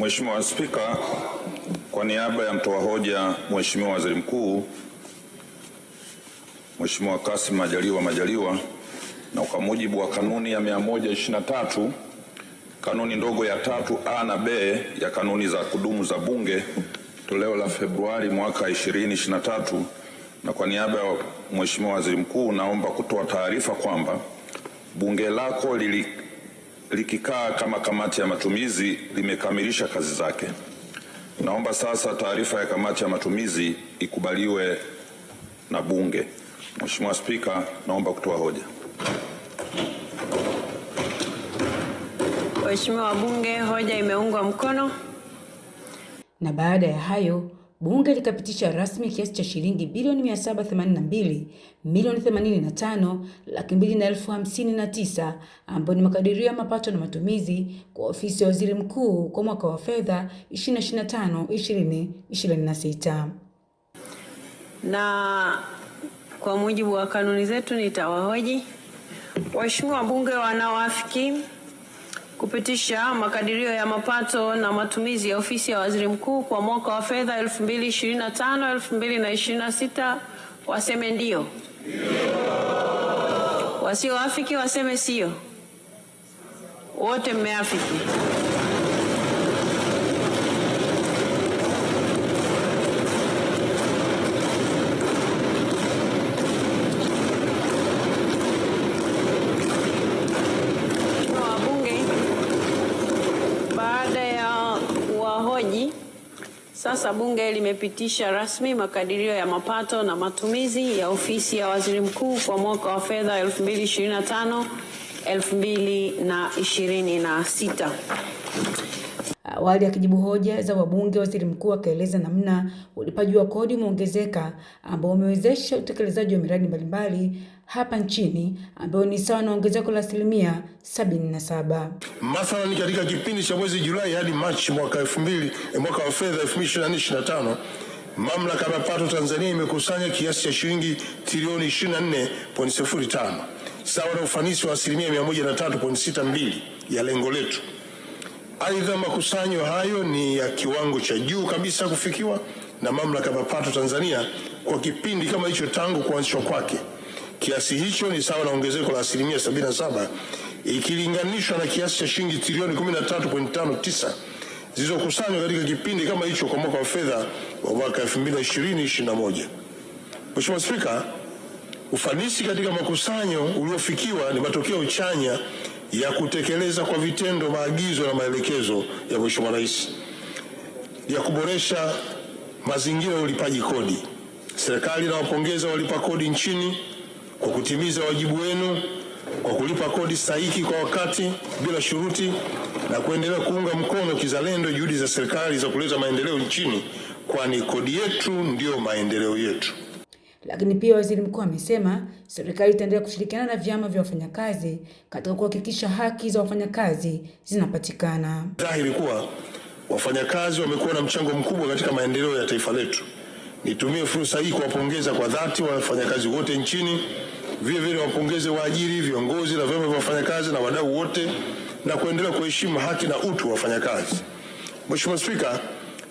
Mheshimiwa Spika, kwa niaba ya mtoa hoja Mheshimiwa Waziri Mkuu Mheshimiwa Kassim Majaliwa Majaliwa, na kwa mujibu wa kanuni ya 123 kanuni ndogo ya tatu a na b ya kanuni za kudumu za Bunge toleo la Februari mwaka 2023, na kwa niaba ya Mheshimiwa Waziri Mkuu naomba kutoa taarifa kwamba bunge lako lili likikaa kama kamati ya matumizi limekamilisha kazi zake. Naomba sasa taarifa ya kamati ya matumizi ikubaliwe na Bunge. Mheshimiwa Spika, naomba kutoa hoja. Waheshimiwa wabunge, hoja imeungwa mkono. Na baada ya hayo Bunge likapitisha rasmi kiasi cha shilingi bilioni 782 milioni 85 laki mbili na elfu hamsini na tisa ambayo ni makadirio ya mapato na matumizi kwa ofisi ya waziri mkuu kwa mwaka wa fedha 2025 2026. Na kwa mujibu wa kanuni zetu, nitawahoji waheshimiwa wabunge wanaoafiki kupitisha makadirio ya mapato na matumizi ya ofisi ya waziri mkuu kwa mwaka wa fedha 2025 2026, waseme ndio. Wasioafiki waseme sio. Wote mmeafiki. Sasa bunge limepitisha rasmi makadirio ya mapato na matumizi ya ofisi ya waziri mkuu kwa mwaka wa fedha 2025 2026. Awali akijibu hoja za wabunge, waziri mkuu akaeleza namna ulipaji wa kodi umeongezeka ambao umewezesha utekelezaji wa miradi mbalimbali hapa nchini ambayo ni sawa na ongezeko la asilimia 77. Mathalani, katika kipindi cha mwezi Julai hadi Machi mwaka elfu mbili eh, mwaka wa fedha 2024/2025 Mamlaka ya Mapato Tanzania imekusanya kiasi cha shilingi trilioni 24.05 sawa na ufanisi wa asilimia 103.62 ya lengo letu. Aidha, makusanyo hayo ni ya kiwango cha juu kabisa kufikiwa na Mamlaka ya Mapato Tanzania kwa kipindi kama hicho tangu kuanzishwa kwake. Kiasi hicho ni sawa na ongezeko la asilimia 77 ikilinganishwa na kiasi cha shilingi trilioni 13.59 zilizokusanywa katika kipindi kama hicho kwa mwaka wa fedha wa mwaka 2020/2021. Mheshimiwa Spika, ufanisi katika makusanyo uliofikiwa ni matokeo chanya ya kutekeleza kwa vitendo maagizo na maelekezo ya Mheshimiwa Rais ya kuboresha mazingira ya ulipaji kodi. Serikali inawapongeza walipa kodi nchini kwa kutimiza wajibu wenu kwa kulipa kodi stahiki kwa wakati bila shuruti na kuendelea kuunga mkono kizalendo juhudi za serikali za kuleta maendeleo nchini, kwani kodi yetu ndiyo maendeleo yetu. Lakini pia waziri mkuu amesema serikali itaendelea kushirikiana na vyama vya wafanyakazi katika kuhakikisha haki za wafanyakazi zinapatikana. Dhahiri kuwa wafanyakazi wamekuwa na mchango mkubwa katika maendeleo ya taifa letu. Nitumie fursa hii kuwapongeza kwa dhati wafanyakazi wote nchini, vile vile wapongeze waajiri, viongozi na vyama vya wafanyakazi na wadau wote, na kuendelea kuheshimu haki na utu wa wafanyakazi. Mheshimiwa Spika,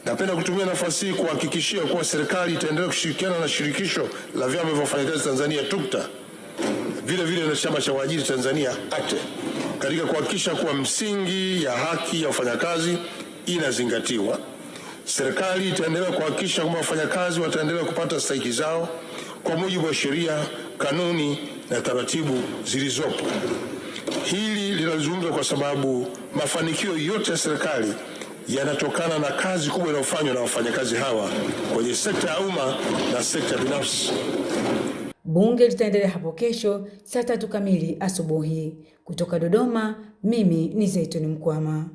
Napenda kutumia nafasi hii kuhakikishia kuwa serikali itaendelea kushirikiana na shirikisho la vyama vya wafanyakazi Tanzania TUKTA, vile vile na chama cha waajiri Tanzania ATE katika kuhakikisha kuwa msingi ya haki ya wafanyakazi inazingatiwa. Serikali itaendelea kuhakikisha kwamba wafanyakazi wataendelea kupata stahiki zao kwa mujibu wa sheria, kanuni na taratibu zilizopo. Hili linazungumzwa kwa sababu mafanikio yote ya serikali yanatokana na kazi kubwa inayofanywa na wafanyakazi hawa kwenye sekta ya umma na sekta binafsi. Bunge litaendelea hapo kesho saa tatu kamili asubuhi. Kutoka Dodoma, mimi ni Zaituni Mkwama.